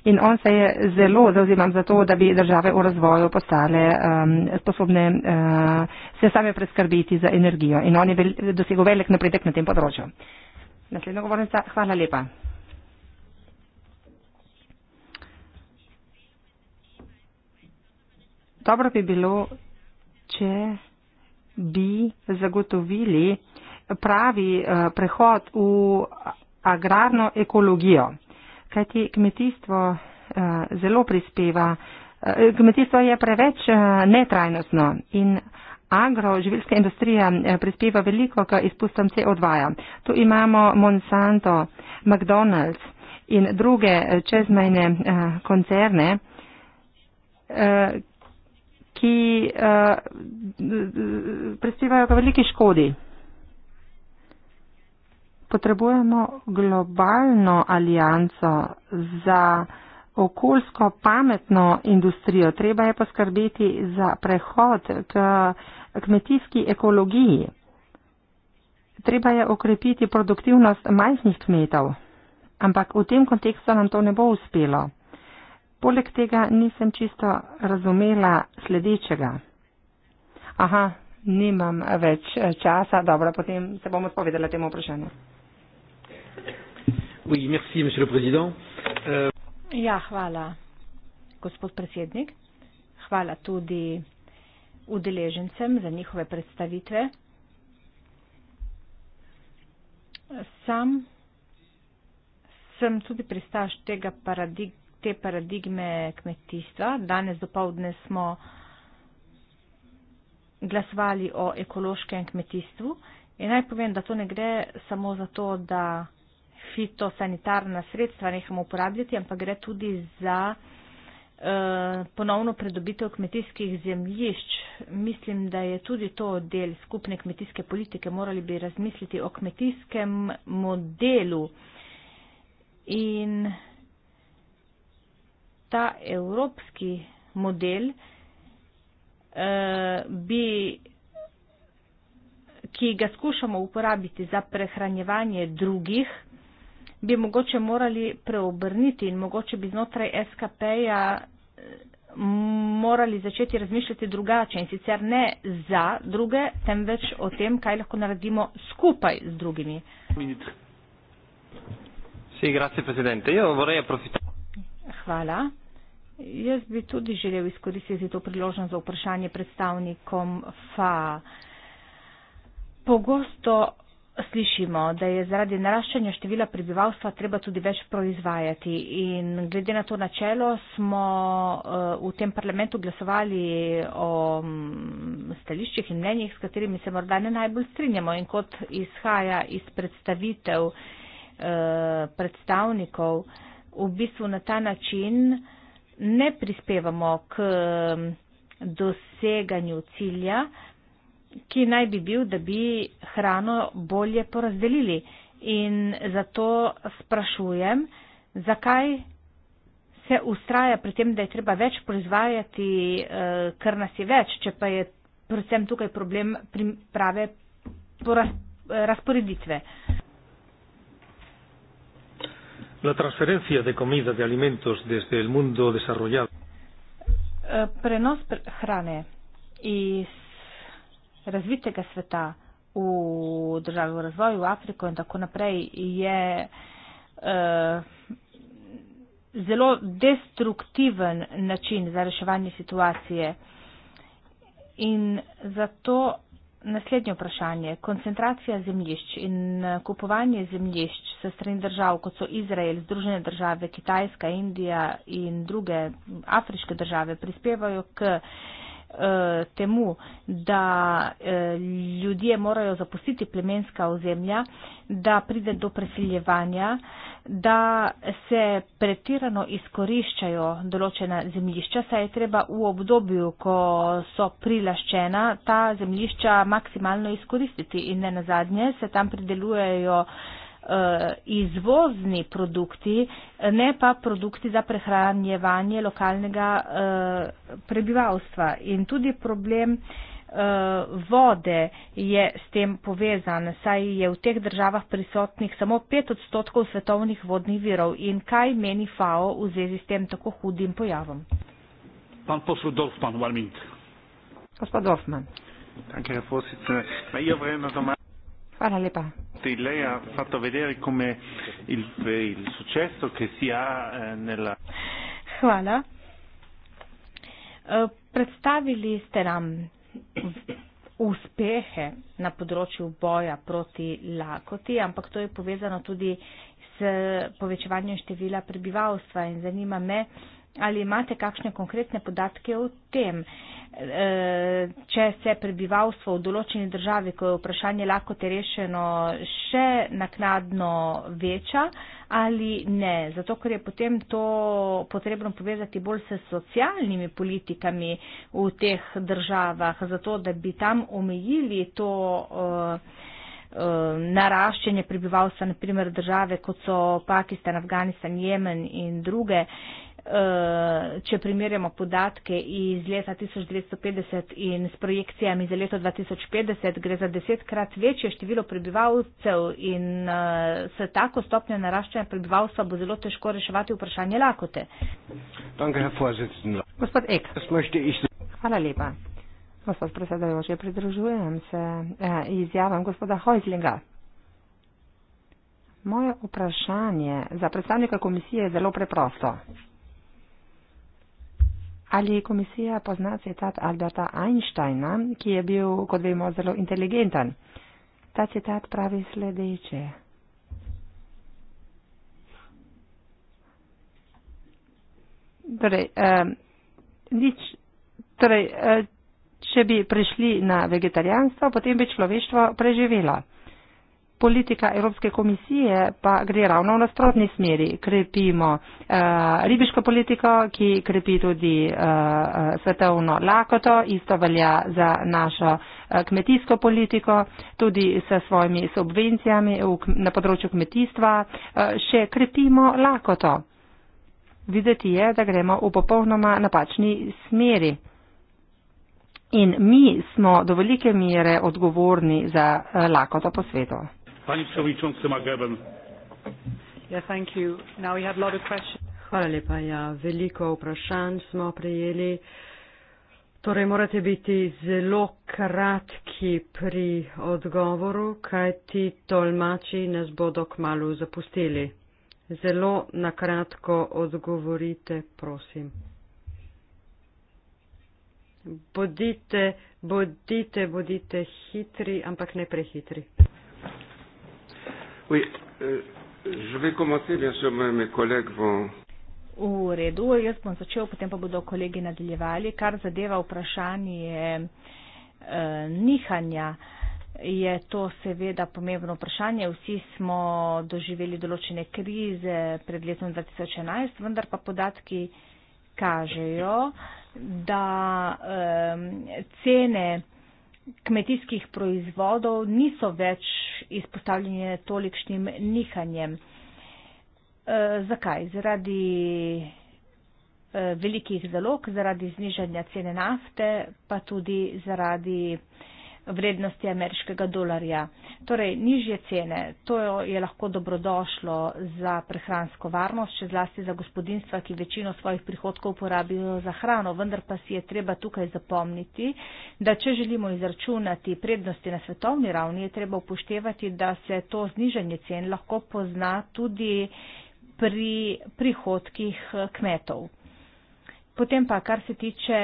Speaker 2: in on se je zelo zauzimal za to, da bi države v razvoju postale um, sposobne uh, se same preskrbiti za energijo. In on je vel, dosegel velik napredek na tem področju. Naslednja govornica, hvala lepa. Dobro bi bilo, če bi zagotovili pravi eh, prehod v agrarno ekologijo, kajti kmetijstvo eh, zelo prispeva, eh, kmetijstvo je preveč netrajnostno in agroživilska industrija prispeva veliko k izpustom CO2. Tu imamo Monsanto, McDonald's in druge čezmejne koncerne, ki prispevajo k veliki škodi potrebujemo globalno alijanco za okoljsko pametno industrijo. Treba je poskrbeti za prehod k kmetijski ekologiji. Treba je okrepiti produktivnost majhnih kmetov. Ampak v tem kontekstu nam to ne bo uspelo. Poleg tega nisem čisto razumela sledečega. Aha, nimam več časa. Dobro, potem se bom odpovedala temu vprašanju.
Speaker 1: Oui, merci, monsieur le président. Euh...
Speaker 4: Ja, hvala, gospod predsednik. Hvala tudi udeležencem za njihove predstavitve. Sam sem tudi pristaš tega paradig te paradigme kmetijstva. Danes dopovdne smo glasovali o ekološkem kmetijstvu. In naj povem, da to ne gre samo za to, da fitosanitarna sredstva nehamo uporabljati, ampak gre tudi za eh, ponovno predobitev kmetijskih zemljišč. Mislim, da je tudi to del skupne kmetijske politike. Morali bi razmisliti o kmetijskem modelu. In ta evropski model, eh, bi, ki ga skušamo uporabiti za prehranjevanje drugih, bi mogoče morali preobrniti in mogoče bi znotraj SKP-ja eh, morali začeti razmišljati drugače in sicer ne za druge, temveč o tem, kaj lahko naredimo skupaj z drugimi. Hvala. Jaz bi tudi želel izkoristiti to priložnost za vprašanje predstavnikom FA. Pogosto slišimo, da je zaradi naraščanja števila prebivalstva treba tudi več proizvajati. In glede na to načelo smo eh, v tem parlamentu glasovali o mm, stališčih in mnenjih, s katerimi se morda ne najbolj strinjamo. In kot izhaja iz predstavitev eh, predstavnikov, v bistvu na ta način ne prispevamo k mm, doseganju cilja, ki naj bi bil, da bi hrano bolje porazdelili. In zato sprašujem, zakaj se ustraja pri tem, da je treba več proizvajati, eh, ker nas je več, če pa je predvsem tukaj problem prave razporeditve. Eh, prenos hrane iz razvitega sveta v državi v razvoju, v Afriko in tako naprej, je uh, zelo destruktiven način za reševanje situacije. In zato naslednje vprašanje. Koncentracija zemljišč in eh, kupovanje zemljišč se strani držav, kot so Izrael, Združene države, Kitajska, Indija in druge afriške države, prispevajo k. Uh, Eh, temu, da eh, ljudje morajo zapustiti plemenska ozemlja, da pride do preseljevanja, da se pretirano izkoriščajo določena zemljišča, saj je treba v obdobju, ko so prilaščena, ta zemljišča maksimalno izkoristiti in ne nazadnje se tam pridelujejo Eh, izvozni produkti, ne pa produkti za prehranjevanje lokalnega eh, prebivalstva. In tudi problem eh, vode je s tem povezan, saj je v teh državah prisotnih samo 5 odstotkov svetovnih vodnih virov. In kaj meni FAO v zvezi s tem tako hudim pojavom?
Speaker 1: Pan poslu Dorfman, Valmint.
Speaker 2: Gospod Dorfman. Hvala lepa.
Speaker 1: Sì, lei ha fatto vedere come il, il successo che si ha eh, nella.
Speaker 4: Hvala. Eh, predstavili ste nam uspehe na področju boja proti lakoti, ampak to je povezano tudi s povečevanjem števila prebivalstva in zanima me, Ali imate kakšne konkretne podatke o tem, e, če se prebivalstvo v določeni državi, ko je vprašanje lahko te rešeno, še naknadno veča ali ne? Zato, ker je potem to potrebno povezati bolj se socialnimi politikami v teh državah, zato da bi tam omejili to e, e, naraščanje prebivalstva, naprimer države, kot so Pakistan, Afganistan, Jemen in druge če primerjamo podatke iz leta 1950 in s projekcijami za leto 2050, gre za desetkrat večje število prebivalcev in eh, se tako stopnjo naraščanja prebivalstva bo zelo težko reševati vprašanje
Speaker 2: lakote. Danke, Gospod Ek. Hvala lepa. Gospod predsedajoče, pridružujem se eh, izjavam gospoda Hojzlinga. Moje vprašanje za predstavnika komisije je zelo preprosto. Ali komisija pozna citat Alberta Einsteina, ki je bil, kot vemo, zelo inteligenten? Ta citat pravi sledeče. Torej, eh, nič, torej eh, če bi prišli na vegetarijanstvo, potem bi človeštvo preživelo politika Evropske komisije pa gre ravno v nasprotni smeri. Krepimo uh, ribiško politiko, ki krepi tudi uh, svetovno lakoto, isto velja za našo uh, kmetijsko politiko, tudi s svojimi subvencijami v, na področju kmetijstva uh, še krepimo lakoto. Videti je, da gremo v popolnoma napačni smeri. In mi smo do velike mere odgovorni za lakoto po svetu.
Speaker 1: Hvala
Speaker 3: lepa. Ja, veliko vprašanj smo prejeli. Torej, morate biti zelo kratki pri odgovoru, kaj ti tolmači nas bodo kmalo zapustili. Zelo nakratko odgovorite, prosim. Bodite, bodite, bodite hitri, ampak ne prehitri.
Speaker 1: Oui, euh, je vais commencer, bien sûr, mes collègues vont.
Speaker 4: V redu, jaz bom začel, potem pa bodo kolegi nadaljevali. Kar zadeva vprašanje eh, nihanja, je to seveda pomembno vprašanje. Vsi smo doživeli določene krize pred letom 2011, vendar pa podatki kažejo, da eh, cene kmetijskih proizvodov niso več izpostavljene tolikšnim nihanjem. E, zakaj? Zaradi e, velikih zalog, zaradi znižanja cene nafte, pa tudi zaradi vrednosti ameriškega dolarja. Torej, nižje cene, to je lahko dobrodošlo za prehransko varnost, še zlasti za gospodinstva, ki večino svojih prihodkov porabijo za hrano, vendar pa si je treba tukaj zapomniti, da če želimo izračunati prednosti na svetovni ravni, je treba upoštevati, da se to znižanje cen lahko pozna tudi pri prihodkih kmetov. Potem pa, kar se tiče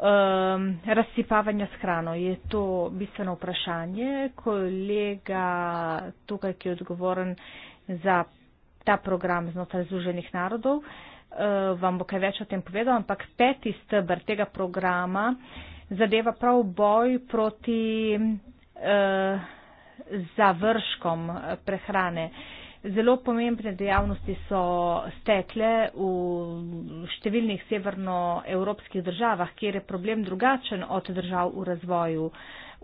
Speaker 4: um, razsipavanja s hrano? Je to bistveno vprašanje. Kolega tukaj, ki je odgovoren za ta program znotraj Združenih narodov, uh, vam bo kaj več o tem povedal, ampak peti stebr tega programa zadeva prav boj proti uh, završkom prehrane. Uh, Zelo pomembne dejavnosti so stekle v številnih severnoevropskih državah, kjer je problem drugačen od držav v razvoju.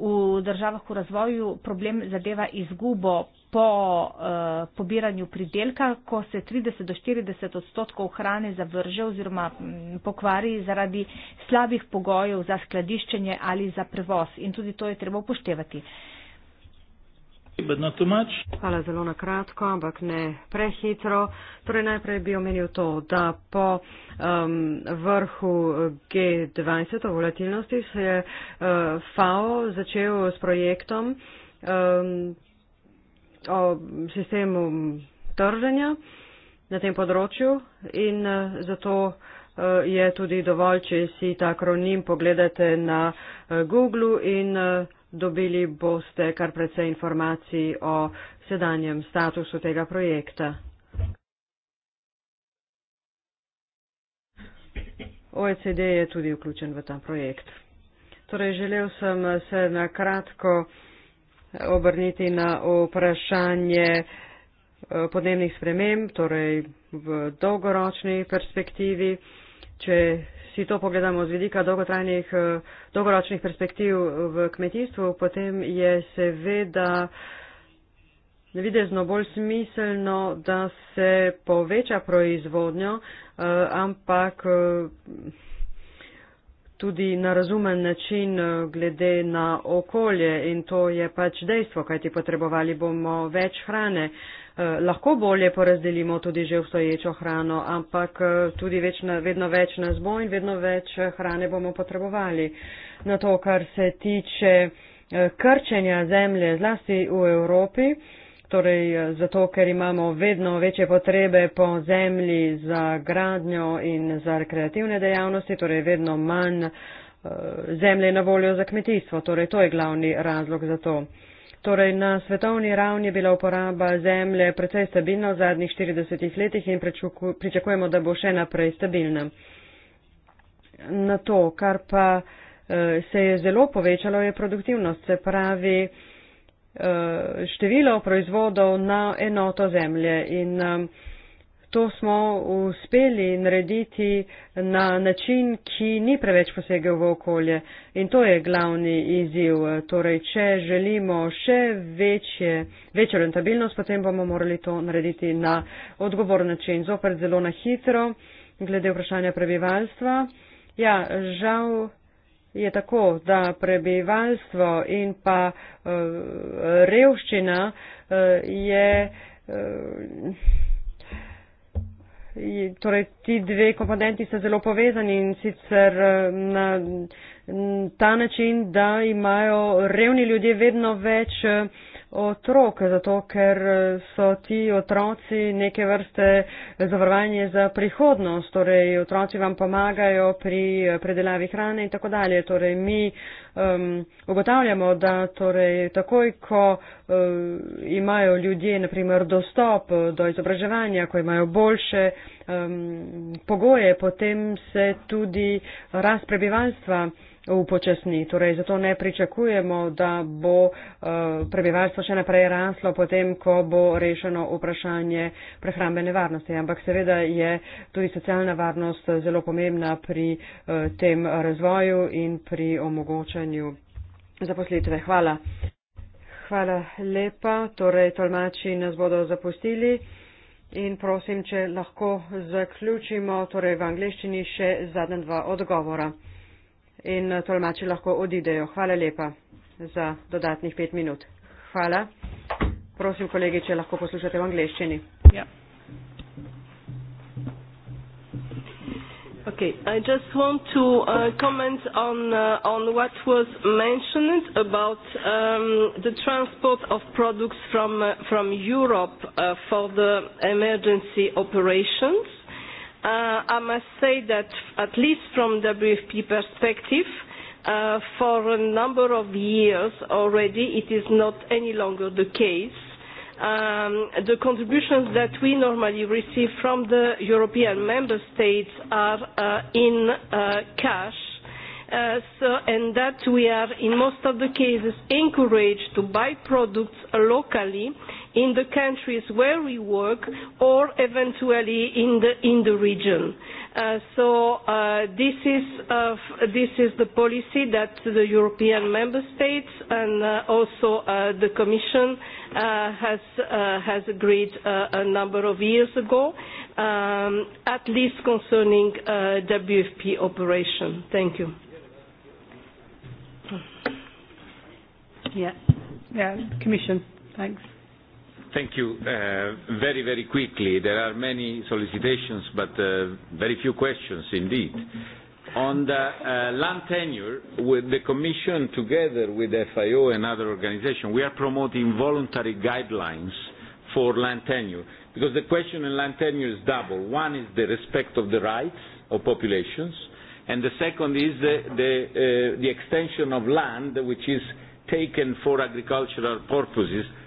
Speaker 4: V državah v razvoju problem zadeva izgubo po uh, pobiranju pridelka, ko se 30 do 40 odstotkov hrane zavrže oziroma mm, pokvari zaradi slabih pogojev za skladiščenje
Speaker 3: ali za prevoz. In tudi to je treba upoštevati. Uh, Hvala zelo na kratko, ampak ne prehitro. Torej najprej bi omenil to, da po um, vrhu G20 o volatilnosti se je uh, FAO začel s projektom um, o sistemu trženja na tem področju in uh, zato uh, je tudi dovolj, če si ta kronim pogledate na uh, Google in. Uh, Dobili boste kar precej informacij o sedanjem statusu tega projekta. OECD je tudi vključen v ta projekt. Torej, želel sem se na kratko obrniti na vprašanje eh, podnebnih sprememb, torej v dolgoročni perspektivi, če si to pogledamo z vidika dolgotrajnih, eh, dolgoročnih perspektiv eh, v kmetijstvu, potem je seveda videzno bolj smiselno, da se poveča proizvodnjo, eh, ampak tudi na razumen način glede na okolje in to je pač dejstvo, kajti potrebovali bomo več hrane. Eh, lahko bolje porazdelimo tudi že obstoječo hrano, ampak eh, tudi večna, vedno več nas bo in vedno več eh, hrane bomo potrebovali. Na to, kar se tiče krčenja zemlje, zlasti v Evropi, torej zato, ker imamo vedno večje potrebe po zemlji za gradnjo in za rekreativne dejavnosti, torej vedno manj zemlje na voljo za kmetijstvo. Torej, to je glavni razlog za to. Torej, na svetovni ravni je bila uporaba zemlje precej stabilna v zadnjih 40 letih in pričakujemo, da bo še naprej stabilna. Na to, kar pa eh, se je zelo povečalo, je produktivnost, se pravi eh, število proizvodov na enoto zemlje. In, um, to smo uspeli narediti na način, ki ni preveč posegel v okolje. In to je glavni izziv. Torej, če želimo še večje, večjo rentabilnost, potem bomo morali to narediti na odgovoren način. Zopet zelo na hitro, glede vprašanja prebivalstva. Ja, žal je tako, da prebivalstvo in pa uh, revščina uh, je. Uh, torej ti dve komponenti sta zelo povezani in sicer eh, na ta način, da imajo revni ljudje vedno več. Eh, otrok, zato ker eh, so ti otroci neke vrste zavarovanje za prihodnost, torej otroci vam pomagajo pri eh, predelavi hrane in tako dalje. Torej mi um, ugotavljamo, da torej, takoj, ko um, imajo ljudje naprimer dostop do izobraževanja, ko imajo boljše um, pogoje, potem se tudi rast prebivalstva upočasni. Torej, zato ne pričakujemo, da bo eh, prebivalstvo še naprej raslo potem, ko bo rešeno vprašanje prehrambene varnosti. Ampak seveda je tudi socialna varnost zelo pomembna pri eh, tem razvoju in pri omogočanju zaposlitve. Hvala. Hvala lepa. Torej, tolmači nas bodo zapustili. In prosim, če lahko zaključimo, torej v angleščini še zadnja dva odgovora in eh, tolmači lahko odidejo. Hvala lepa za dodatnih pet minut. Hvala. Prosim, kolegi, če lahko poslušate v angleščini.
Speaker 5: Yeah. Ja.
Speaker 6: Okay, I just want to uh, comment on uh, on what was mentioned about um, the transport of products from uh, from Europe uh, for the emergency operations. Uh, I must say that, at least from WFP perspective, uh, for a number of years already, it is not any longer the case. Um, the contributions that we normally receive from the European member states are uh, in uh, cash, uh, so, and that we are, in most of the cases, encouraged to buy products locally uh, in the countries where we work or eventually in the region. Uh, uh, uh, this is the policy that the European member states and also the commission has agreed a number of years ago, um, at least concerning WFP operation. Thank you.
Speaker 5: Yeah. Commission. Thanks.
Speaker 1: Thank you. Uh, very quickly, there are many solicitations, but uh, very few questions indeed. On the uh, land tenure, with the commission together with FAO and other organization, we are promoting voluntary guidelines for land tenure. Because the question in land tenure is double. One is the respect of the rights of populations, and the second is the extension of land which is taken for agricultural purposes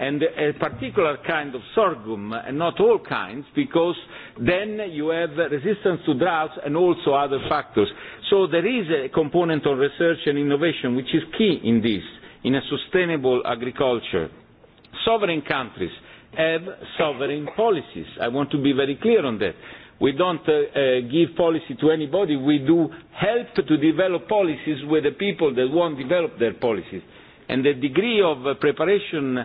Speaker 1: and a particular kind of sorghum and not all kinds because then you have resistance to drought and also other factors. So there is a component of research and innovation which is key in this, in a sustainable agriculture. Sovereign countries have sovereign policies. I want to be very clear on that. We don't uh, uh, give policy to anybody. We do help to develop policies with the people that won't develop their policies. And the degree of uh, preparation uh,